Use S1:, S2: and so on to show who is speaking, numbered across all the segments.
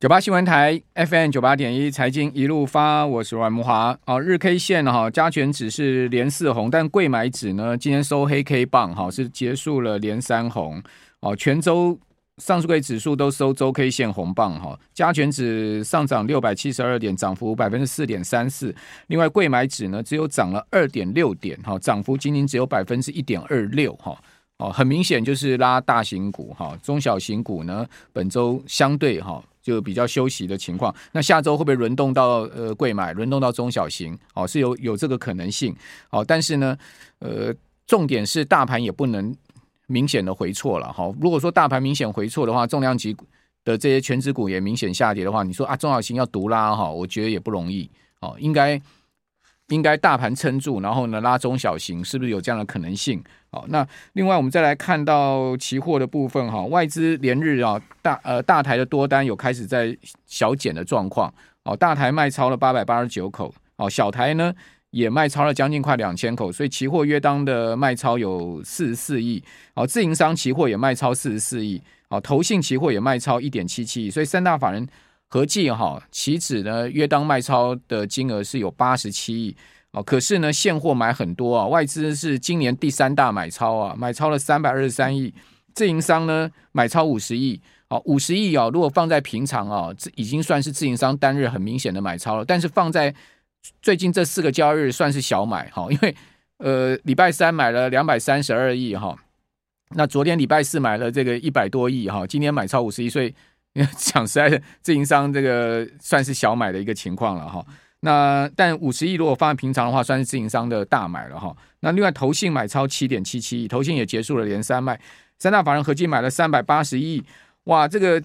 S1: 九八新聞台 FM 九八點一，財經一路發，我是阮慕驊。哦，日 K 線哈、哦，加權指是連四紅，但櫃買指呢，今天收黑 K 棒哈、哦，是結束了連三紅。哦，全周上市櫃指數都收周 K 線紅棒哈、哦，加權指上漲六百七十二點，漲幅百分之四點三四。另外，櫃買指呢，只有漲了二點六點哈，漲、哦、幅僅僅只有百分之一點二六哈。哦，很明顯就是拉大型股哈、哦，中小型股呢，本周相對哈。哦就比較休息的情況，那下周會不會輪動到呃櫃買，輪動到中小型？哦，是有有這個可能性。哦，但是呢，呃，重點是大盤也不能明顯的回挫了。哈、哦，如果說大盤明顯回挫的話，重量級的這些權值股也明顯下跌的話，你說啊中小型要獨拉哈、哦，我覺得也不容易。哦，應該應該大盤撐住，然後呢拉中小型，是不是有這樣的可能性？好，那另外我們再來看到期貨的部分哈，外資連日啊大呃大台的多單有開始在小減的狀況哦，大台賣超了八百八十九口哦，小台呢也賣超了將近快兩千口，所以期貨約當的賣超有四十四億哦，自營商期貨也賣超四十四億哦，投信期貨也賣超一點七七億，所以三大法人合計哈期指呢約當賣超的金額是有八十七億。哦，可是呢，現貨買很多啊、哦，外資是今年第三大買超啊，買超了三百二十三億，自營商呢買超五十億，哦，五十億哦，如果放在平常啊、哦，這已經算是自營商單日很明顯的買超了，但是放在最近這四個交易日算是小買，好、哦，因為呃禮拜三買了兩百三十二億哈，那昨天禮拜四買了這個一百多億哈、哦，今天買超五十億，所以講實在，自營商這個算是小買的一個情況了哈。哦那但五十億如果放在平常的話，算是自營商的大買了哈。那另外投信買超七點七七億，投信也結束了連三賣，三大法人合計買了三百八十億，哇，這個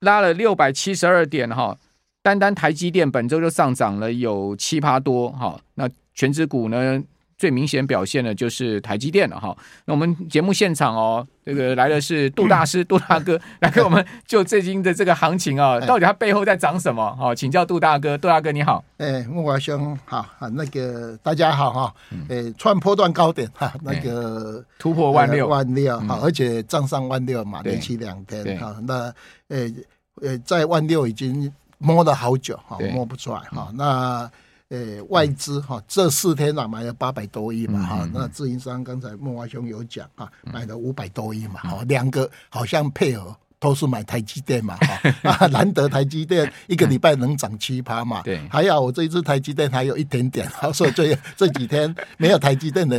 S1: 拉了六百七十二點哈。單單台積電本周就上漲了有七趴多哈。那權值股呢？最明顯表現的就是台積電了哈。那我們節目現場哦，這個來的是杜大師、嗯、杜大哥，來跟我們就最近的這個行情啊，欸、到底它背後在漲什麼？哈，請教杜大哥，杜大哥你好。
S2: 誒、欸，慕驊兄，好那個大家好哈。誒、欸，創波段高點哈、嗯啊，那個突破萬六、欸、萬六哈、嗯，而且站上萬六嘛，連續兩天哈、啊，那、欸、在萬六已經摸了好久哈，摸不出來哈、啊，那。誒、欸，外資哈、哦，這四天啊買了八百多億嘛，哈、嗯哦，那自營商剛才孟華兄有講啊，買了五百多億嘛，好、嗯、哦、兩個好像配合。都是買台積電嘛， 啊，難得台積電一個禮拜能漲七趴嘛。還好我這一次台積電還有一點點， 所以這這幾天沒有台積電的，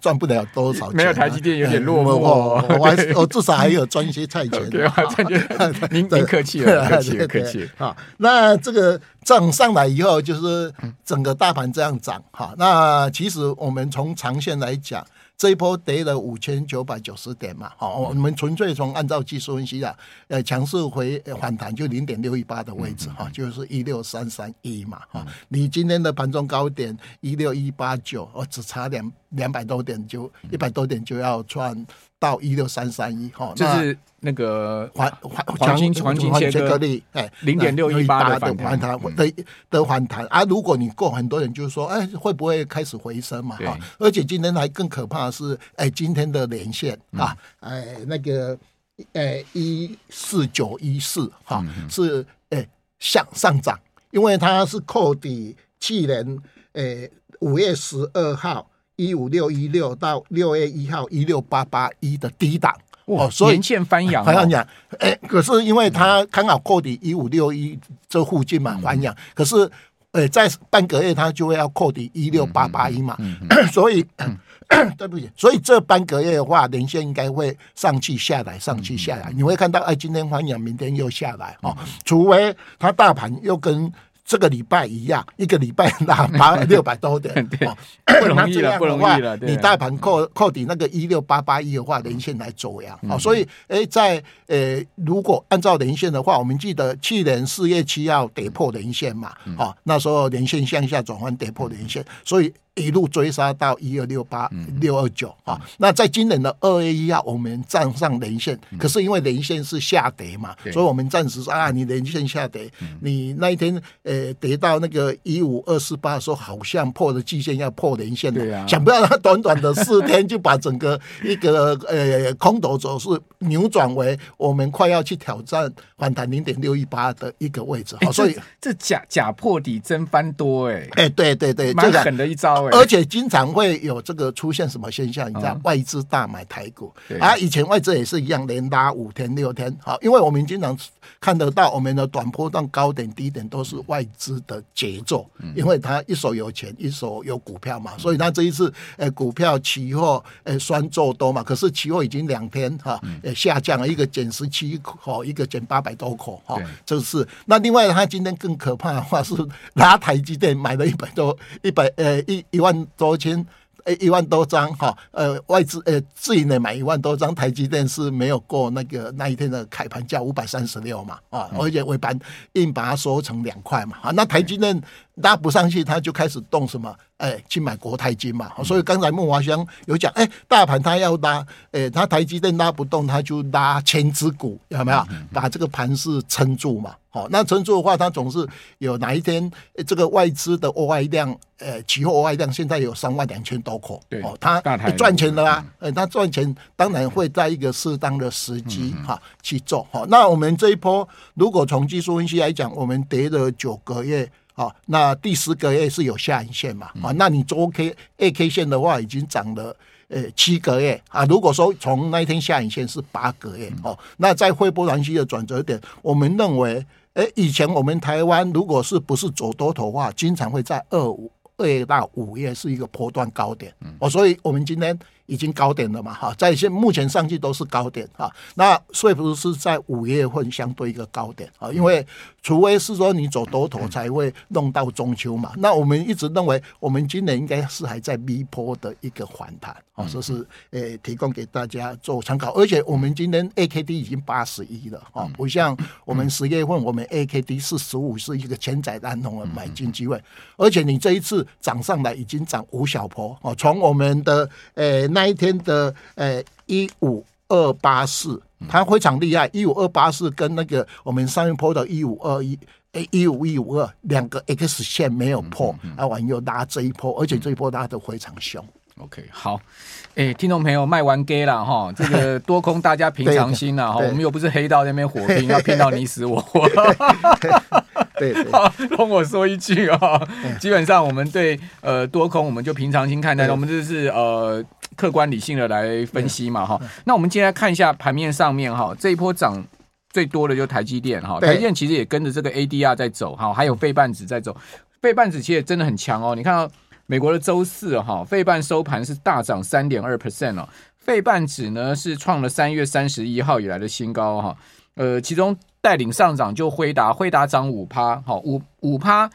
S2: 賺不了多少錢，沒有台積電有點落寞、欸，我我，我，我，我至少還有賺一些菜錢。對啊，菜錢。您您客氣了，客氣客氣。好，那這個漲上來以後，就是整個大盤這樣漲哈、嗯。那其實我們從長線來講。這一波跌了五千九百九十點嘛，哈、哦，我們純粹從按照技術分析啊，呃，強勢回反彈就零點六一八的位置哈、嗯哦，就是一六三三一嘛，哈、哦，離今天的盤中高點一六一八九，我只差點。兩百多點就一百多點就要穿到一六三三一哈、這、就是
S1: 那個黃黃黃金黃金切割率哎零點六一八的反彈
S2: 的、嗯、的反彈、嗯、啊！如果你過很多人就是說哎、欸、會不會開始回升嘛哈？而且今天還更可怕的是哎、欸、今天的連線啊哎、嗯欸、那個哎一四九一四哈是哎、欸、向上漲，因為它是扣抵去年哎五月十二號。一五六一六到六月一號一六八八一的低檔哦，所以連線翻揚、哦。還要講哎，可是因為它剛好扣抵一五六一這附近嘛翻揚、嗯，可是呃、欸、在半個月他就會要扣抵一六八八一嘛、嗯嗯嗯嗯，所以對不起，所以這半個月的話連線應該會上去下來，上去下來，你會看到哎今天翻揚，明天又下來哦、嗯，除非他大盤又跟。這個禮拜一樣，一個禮拜拿拿六百多點、 哦，不容易了，不容易了。你大盤扣扣抵那個一六八八一的話，年線來走呀。好、哦嗯，所以，哎，在、呃，如果按照年線的話，我們記得去年四月七號跌破年線嘛，好、哦嗯，那時候年線向下轉彎跌破年線，所以。一路追殺到一二六八六二九啊！那在今年的二月一號，我們站上年線，嗯，可是因為年線是下跌嘛，所以我們暫時說啊，你年線下跌，嗯、你那一天呃跌到那個一五二四八的時候，好像破了季線，要破年線了對啊。想不到他短短的四天就把整個一個 呃空頭走勢扭轉為我們快要去挑戰反彈零點六一八的一個位置。欸、好，所以
S1: 這，這假假破底真翻多哎、欸、哎、欸，對對對，蠻狠的一招。而且
S2: 經常會有這個出現什麼現象？你知道外資大買台股，啊，以前外資也是一樣，連拉五天六天。好，因為我們經常看得到我們的短波段高點低點都是外資的節奏，因為他一手有錢，一手有股票嘛，所以他這一次呃股票期貨呃雙做多嘛。可是期貨已經兩天哈，呃下降了一個減十七口，一個減八百多口哈，就是那另外他今天更可怕的話是拉台積電買了一百多一百呃一。一萬多千誒、欸，一萬多張哈、哦，呃，外資呃、欸，自營的買一萬多張，台積電是沒有過那個那一天的開盤價五百三十六嘛啊、哦，而且尾盤硬把它縮成兩塊嘛啊，那台積電拉不上去，它就開始動什麼誒、欸、去買國泰金嘛，所以剛才慕驊兄有講，哎、欸，大盤它要拉，誒、欸，它台積電拉不動，它就拉權值股，有沒有把這個盤勢撐住嘛？好、哦，那成熟的話，它總是有哪一天，呃、這個外資的 OI 量，呃，期貨 OI 量現在有三萬兩千多口，哦，它賺、欸、錢的啦、啊，呃、嗯欸，它賺錢當然會在一個適當的時機哈去做，好、哦哦，那我們這一波，如果從技術分析來講，我們跌了九個月，哦、那第十個月是有下影線嘛，哦、那你周 K、A K 線的話，已經漲了呃七個月，啊，如果說從那天下影線是八個月、嗯，哦，那在匯波分析的轉折點，我們認為。哎，以前我們台灣如果是不是走多頭的話，經常會在二五二月到五月是一個波段高點，哦、嗯，所以我們今天。已經高點了嘛？哈，在現目前上去都是高點哈。那所以不是在五月份相對一個高點啊，因為除非是說你走多頭才會弄到中秋嘛。那我們一直認為，我們今年應該是還在 B 波的一個反彈啊，這是呃提供給大家做參考。而且我們今天 AKD 已經八十一了哈，不像我們十月份我們 AKD 是十五，是一個千載難逢的買進機會。而且你這一次漲上來已經漲五小波啊，從我們的呃那。那一天的呃一五二八四，15284，它非常厲害。一五二八四跟那個我們上一波的一五二一誒一五一五二兩個 X 線沒有破，然後往右拉這一波，而且這一
S1: 波拉的非常兇。嗯嗯 OK，好，欸、聽眾朋友，賣完 G 啦。哈，這個多空大家平常心啦，啊。哈， 我們又不是黑道那邊火拼，要拼到你死我活。 對，好，容我說一句啊，基本上我們對呃多空我們就平常心看待，我們就是呃客觀理性的來分析嘛哈。那我們今天來看一下盤面上面哈，這一波漲最多的就是台積電哈，台積電其實也跟着這個 ADR 在走哈，還有費半指在走，費半指其實也真的很強哦，你看到。美國的周四哈，費半收盤是大漲三點二 percent 哦，費半指呢是創了三月三十一號以來的新高哈。呃，其中帶領上漲就輝達，輝達漲五趴，好五五趴，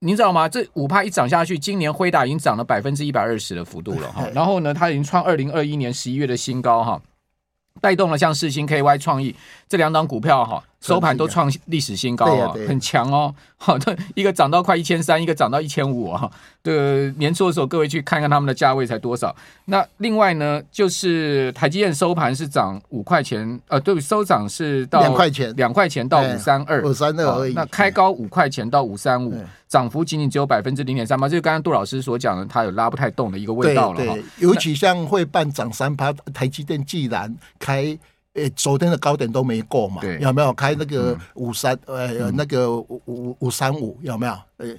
S1: 你知道嗎？這五趴一漲下去，今年輝達已經漲了百分之一百二十的幅度了哈。然後呢，它已經創二零二一年十一月的新高哈，帶動了像世芯 KY 創意。這兩檔股票哈，收盤都創歷史新高，很強哦！哈，一個漲到快一千三，一個漲到一千五啊。年初的時候，各位去看看他們的價位才多少。那另外呢，就是台積電收盤是漲五塊錢，呃，對，收漲是到兩塊錢，兩塊錢到五三二，五三二而已。那開高五塊錢到五三五，漲幅僅僅只有百分之零點三八。就是剛剛杜老師所講的，它有拉不太動的一個味道了哈。尤其像會半漲三趴，台積電既然
S2: 開。誒，昨天的高點都沒過嘛？對有沒有開那個五三、嗯？誒，那個五五五三五有沒
S1: 有？誒，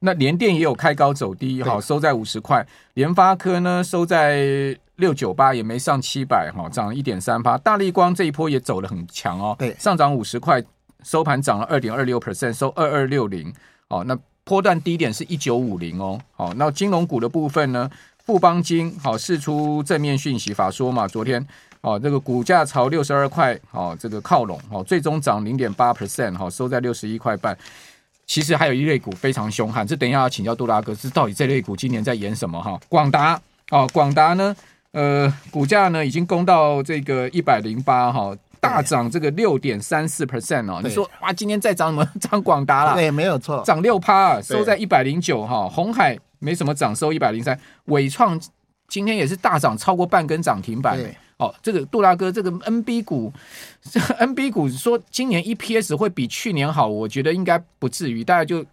S1: 那聯電也有開高走低哈，收在五十塊。聯發科呢，收在六九八，也沒上七百哈，漲一點三八。大立光這一波也走了很強哦，對，上漲五十塊，收盤漲了二點二六 percent，收二二六零。哦，那波段低點是一九五零哦。好、哦，那金融股的部分呢？富邦金好，釋出正面訊息，法說嘛，昨天哦，這個股價朝六十二塊哦，這個靠攏哦，最終漲零點八 percent 哈，收在六十一塊半。其實還有一類股非常凶悍，這等一下要請教杜大哥，是到底這類股今年在演什麼哈？廣達哦，廣達、哦、呢，呃，股價呢已經攻到這個一百零八哈，大漲這個六點三四 percent 哦。你說哇、啊，今天再漲什麼？漲廣達了？對，沒有錯，漲六趴，收在一百零九哈。紅海。沒什麼漲，收一百零三。緯創今天也是大漲，超過半根漲停板，欸對。哦，這個杜大哥，這個 N B 股，這個 N B 股說今年 E P S 會比去年好，我覺得應該不至於。大家就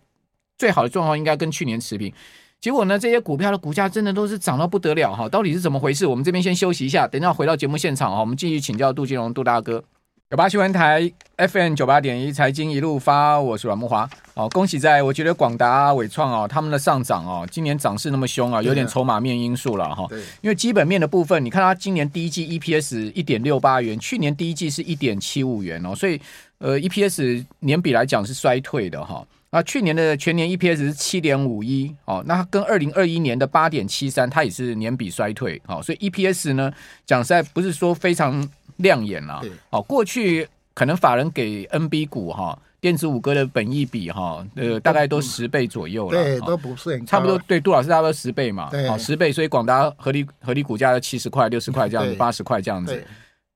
S1: 最好的狀況應該跟去年持平。結果呢，這些股票的股價真的都是漲到不得了哈！到底是怎麼回事？我們這邊先休息一下，等一下回到節目現場啊，我們繼續請教杜金龍、杜大哥。九八新聞台 FM 九八點一財經一路發，我是阮慕驊、哦。恭喜在我覺得廣達緯創哦，他們的上漲哦，今年漲勢那麼凶啊，有點籌碼面因素了哈、啊。因為基本面的部分，你看它今年第一季 EPS 一點六八元，去年第一季是一點七五元哦，所以呃 EPS 年比來講是衰退的哈。那去年的全年 EPS 是七點五一哦，那他跟二零二一年的八點七三，它也是年比衰退好，所以 EPS 呢，講實在不是說非常。亮眼了、啊，好、哦，過去可能法人給 NB 股哈、哦，電子五哥的本益比哈、哦，呃，大概都十倍左右了、哦，對，
S2: 都不算，差不多
S1: 對杜老師差不多十倍嘛，對，哦、十倍，所以廣達合理合理股價要七十塊、六十塊這樣子、八十塊這樣子，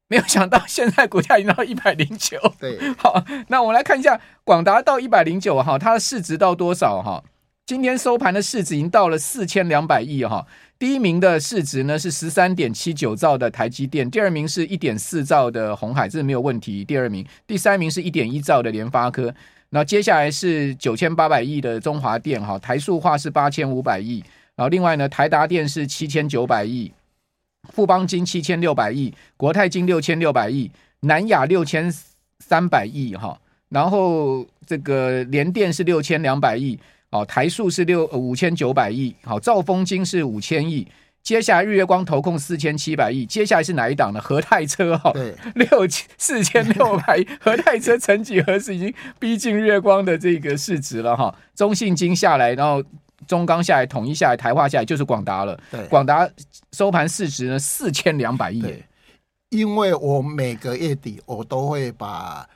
S1: 沒有想到現在股價已經到一百零九，對，好，那我們來看一下廣達到一百零九哈，它的市值到多少哈？哦今天收盤的市值已經到了四千兩百億哈，第一名的市值呢是十三點七九兆的台積電，第二名是一點四兆的鴻海，這是沒有問題。第二名，第三名是一點一兆的聯發科，那接下來是九千八百億的中華電哈，台塑化是八千五百億，然後另外呢，台達電是七千九百億，富邦金七千六百億，國泰金六千六百億，南亞六千三百億哈，然後這個聯電是六千兩百億。哦，台塑是六五千九百億，好，兆豐金是五千億，接下來日月光投控四千七百億，接下來是哪一檔呢？和泰車，好，六四千六百億， 和泰車曾幾何時已經逼近月光的這個市值了哈。中信金下來，然後中鋼下來，統一下來，台化下來就是廣達了。對，廣達收盤市值呢四千兩百億。因為我每個
S2: 月底我都會把。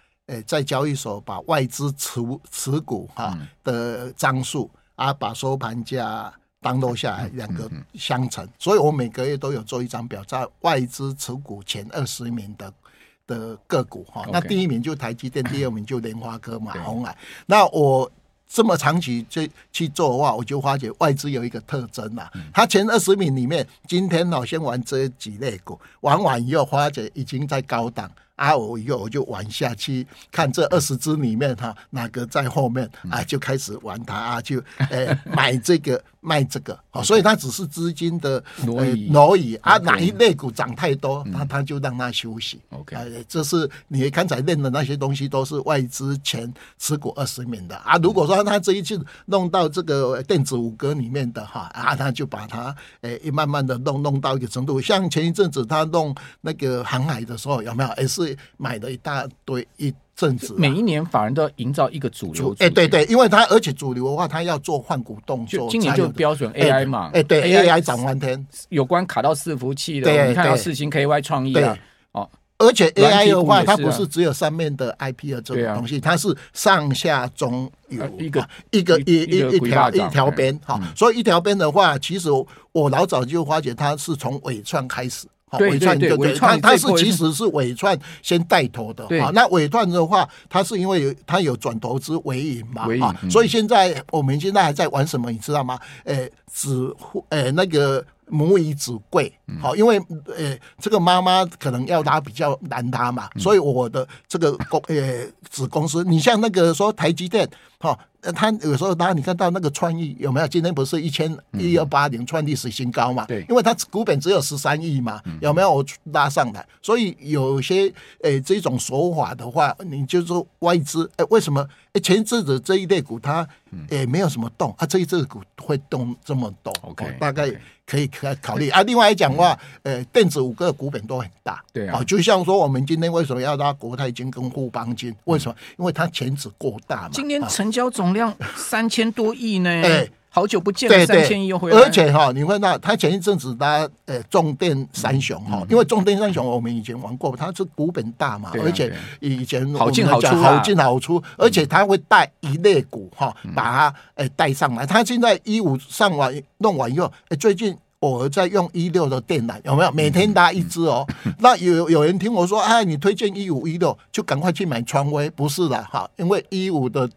S2: 在交易所把外資持持股哈的張數、嗯、啊，把收盤價 download 下來兩個相乘，嗯嗯嗯，所以我每個月都有做一張表，在外資持股前二十名的的個股哈。Okay, 那第一名就台積電，嗯，第二名就聯發科嘛，馬宏，那我這麼長期去去做的話，我就發覺外資有一個特徵嘛、啊，它，嗯、前二十名裡面，今天我，哦、先玩這幾類股，玩完以後發覺已經在高檔。啊，我一個我就玩下去，看這二十只裡面哈、啊，哪個在後面啊，就開始玩它啊，就哎、欸，買這個賣這個，哦、 這個 啊，所以它只是資金的、呃、挪移，啊，okay. 哪一類股漲太多，那、啊、它就讓它休息。OK，、啊、這是你剛才練的那些東西都是外資前持股二十名的啊。如果說它這一次弄到這個電子五哥裡面的哈啊，他就把它、欸、一慢慢的弄弄到一個程度。像前一陣子它弄那個航海的時候有沒有？欸、是。買了一大堆一，一陣子每一年反而都要營造一個主流。哎、欸、對對，因為他而且主流的話，他要做換股動作。就今年就標準 AI 嘛，哎、欸
S1: 欸、對，AI 漲翻天。有關卡到伺服器的對對對，你看世芯 K Y 創意了、啊、哦。而且 AI 的話、啊、它不是
S2: 只有上面的 IP 的
S1: 這種東西、啊，它是
S2: 上下中游、呃、一個、啊、一個一個一條一條邊、嗯。好，所以一條邊的話，其實我，我老早就發覺它是從緯創開始。緯創就對，他他是其實是緯創先帶頭的啊、哦。那緯創的話，他是因為他有，有轉投資緯穎嘛啊、哦。所以現在、嗯、我們現在還在玩什麼，你知道嗎？誒，子誒，誒，誒那個母以子貴。好、哦嗯，因為誒這個媽媽可能要拉比較難拉嘛、嗯，所以我的這個公誒子公司，你像那個說台積電哈。哦呃，他有時候他，你看到那個創意，有沒有？今天不是一千一二八零創歷史新高嘛？對，因為它股本只有十三億嘛，有沒有拉上來？所以有些誒、欸、這種手法的話，你就是說外資誒、欸、為什麼誒權值的這一類股它也、欸、沒有什麼動、啊，它這一只股會動這麼多？OK，、喔、大概可以考考慮啊。另外一講的話，呃，電子五個股本都很大，對啊，就像說我們今天為什麼要拉國泰金跟富邦金？為什麼？因為它權值過大嘛、啊。今
S1: 天成交總。量三千多億呢，哎，好久不見，三千億又回來、欸對對。而且
S2: 哈、哦，你問到他前一陣子他誒，重、呃、電三雄哈、哦嗯嗯，因為重電三雄我們以前玩過，他是股本大嘛、嗯嗯，而且以前好進好出，好、啊、進好出，而且他會帶一類股哈、哦嗯，把它誒、呃、帶上來。他現在一五上完弄完以後，哎、呃，最近。我在用一六的電纜，有沒有？每天搭一支哦。 那有有人聽我說，哎，你推薦一五一六，E6, 就趕快去買川飛，不是的哈。因為一五的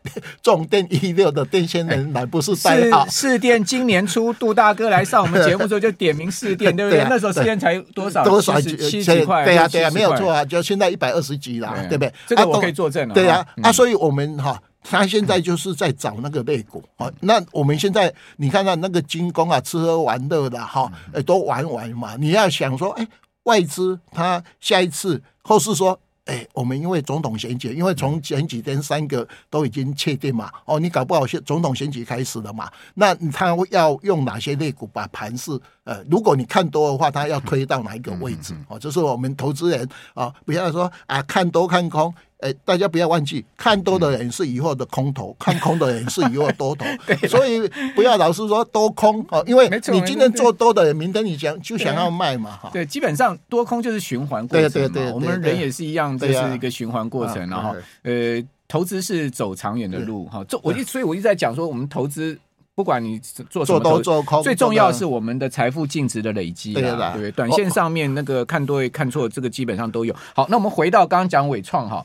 S2: 重電，一六的電線電纜、欸、不是代號。四四電今年初杜大哥來上我們節目的時候就點名四電， 對不對？對啊、那時候四電才多少？多少七十塊？對呀對，對、啊對，啊對啊、沒有錯啊，就現在一百二十幾了，對不對？這個我可以作證了。對啊，啊，嗯、所以我們哈。他現在就是在找那個類股啊，那我們現在你看看那個軍工啊，吃喝玩樂的哈，都玩玩嘛。你要想說，哎、欸，外資他下一次或是說，哎、欸，我們因為總統選舉，因為從前幾天三個都已經確定嘛，哦，你搞不好是總統選舉開始了嘛？那他要用哪些類股把盤勢？呃，如果你看多的話，他要推到哪一個位置？哦，就是我們投資人啊，不要說啊，看多看空。哎，大家不要忘記，看多的人是以後的空頭，嗯，看空的人是以後的多頭， 啊，所以不要老是說多空，因為你今天做多的人明天你想，嗯，就想要賣嘛哈。對，基本上多空就是循環過程嘛。對對對，對，我們人也是一樣，啊，這是一個循環過程，啊，然後對
S1: 對呃，投資是走長遠的路哈。這我所以我一直在講說，我們投資不管你做什麼做多做空，最重要是我們的財富淨值的累積對啊。對，短線上面那個看對，哦，看錯，這個基本上都有。好，那我們回到剛剛講偉創哈。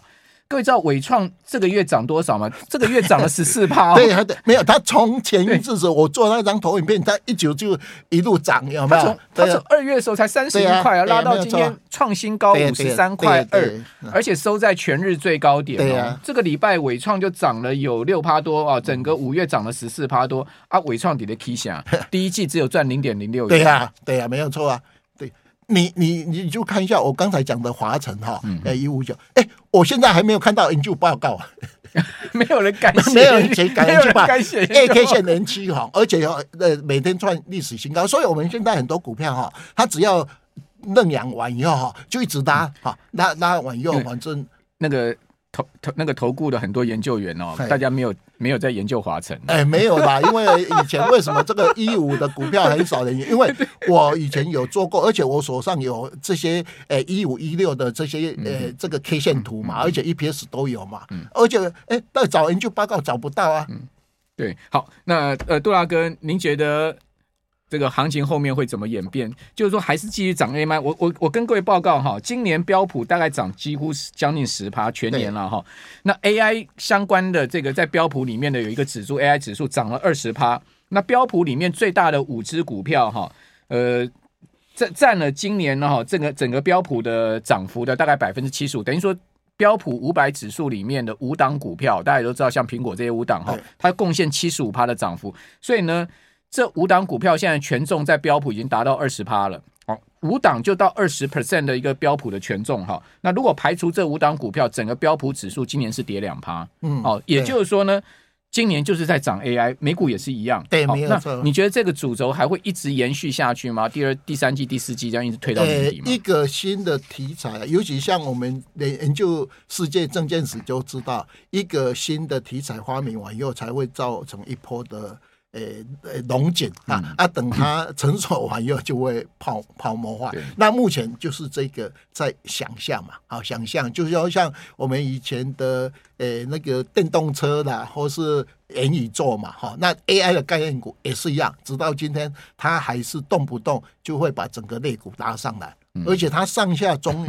S1: 各位知道偉創這個月漲多少嗎？這個月漲了十四趴。哦、 對、啊，對，沒有，他從前一次的時
S2: 候，我做那張投影片， 他一九
S1: 就一路漲。有沒有？他從、啊、他從二月的時候才三十一塊啊，啊，拉到今天創新高五十三塊二，而且收在全日最高點。對，對,對、啊、這個禮拜偉創就漲了有六趴多啊，整個五月漲了十四趴多啊。偉創底的 K 線， 第一季只有賺零點零六。對呀、
S2: 啊，對呀、啊，沒有錯啊。你你你就看一下我剛才講的華城哈，呃一五九，誒、欸欸，我現在還沒有看到研究報告啊，
S1: 沒有人敢， 沒有人寫改， 沒有改 A K 線能
S2: 七紅， 而且要、哦、呃每天創歷史新高，所以我們現在很多股票哈、哦，它只要認養完以後哈、哦，就一直拉哈、嗯、
S1: 拉拉完以後，反正那個。投，投那個投顧的很多研究員哦，大家沒有，沒有在研究華城，啊，哎、欸，沒有吧？因
S2: 為以前為什麼這個一五的股票很少人？ 因為我以前有做過，而且我手上有這些哎，一五一六的這些誒、欸、這個 K 線圖嘛，嗯嗯、而且 EPS 都有嘛，嗯，而且哎、欸，但找研究報告找不到啊、嗯，
S1: 對，好，那呃杜大哥，您覺得？這個行情後面會怎麼演變？就是說，還是繼續漲 AI。我我我跟各位報告哈，今年標普大概漲幾乎是將近十趴全年了哈。那 AI 相關的這個在標普裡面的有一個指數 AI 指數漲了二十趴。那標普裡面最大的五隻股票哈，呃，占占了今年呢哈，這個整個標普的漲幅的大概百分之七十五。等於說標普五百指數裡面的五檔股票，大家都知道，像蘋果這些五檔哈，它貢獻七十五趴的漲幅。所以呢。這五檔股票現在權重在標普已經達到二十趴了，哦，五檔就到二十 percent 的一個標普的權重哈、哦。那如果排除這五檔股票，整個標普指數今年是跌兩趴、哦，嗯，好，也就是說呢，今年就是在漲 AI，美股也是一樣，對，哦、沒有錯。你覺得這個主軸還會一直延續下去嗎？第二、第三季、第四季這樣一直推到年底嗎、欸？一
S2: 個新的題材，尤其像我們研究世界證券史就知道，一個新的題材發明完以後，才會造成一波的。呃、欸、呃，龍、欸、井啊、嗯、啊，等它成熟完以後就會泡、嗯、泡沫化。那目前就是這個在想象嘛，好想象，就是要像我們以前的呃、欸、那個電動車啦，或是元宇宙嘛，哈。那 AI 的概念股也是一樣，直到今天，它還是動不動就會把整個類股拉上來，嗯、而且它上下中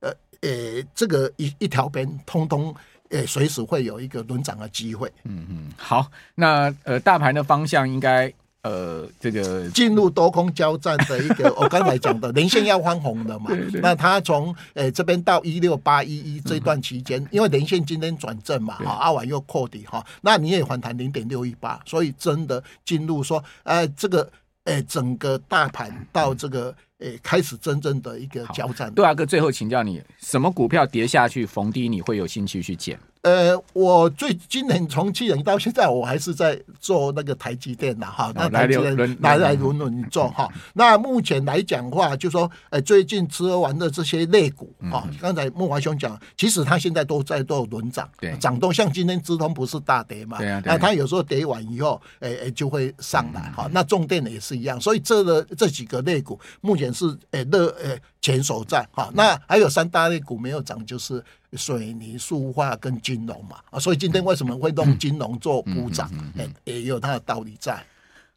S2: 呃呃、欸、這個一一條邊通通。誒、欸，隨時會有一個輪漲的機會。嗯嗯，好，那呃，大盤的方向應該呃，這個進入多空交戰的一個。 我剛才講的，連線要翻紅的嘛 對對對。那他從呃、欸、這邊到16811這一六八一一這段期間，嗯，因為連線今天轉正嘛，哈，阿、哦、穩又扣抵哈，哦。那你也反彈零點六一八，所以真的進入說，呃、欸、這個誒、欸、整個大盤到這個。誒、欸，開始真正的一個交戰。
S1: 杜阿哥，最後請教你，什麼股票跌下去逢低你會有興趣去撿？
S2: 呃，我最今年從去年到現在，我還是在做那個台積電的哈，那、哦、台積電輪來來輪輪做哈。那目前來講的話就是，就、欸、說，最近吃完的這些類股哈，剛、哦嗯、才慕驊兄講，其實他現在都在都輪漲，漲動。像今天資通不是大跌嘛，那、啊啊、他有時候跌完以後，哎、欸、哎、欸、就會上來哈、嗯哦。那重電也是一樣，所以這個這幾個類股目前是哎熱哎錢所在哈。那還有三大類股沒有漲就是。水泥、塑化跟金融嘛，啊，所以今天為什麼會弄金
S1: 融做補漲、嗯嗯嗯嗯嗯？也有它的道理在。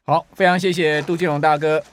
S1: 好，非常謝謝杜金龍大哥。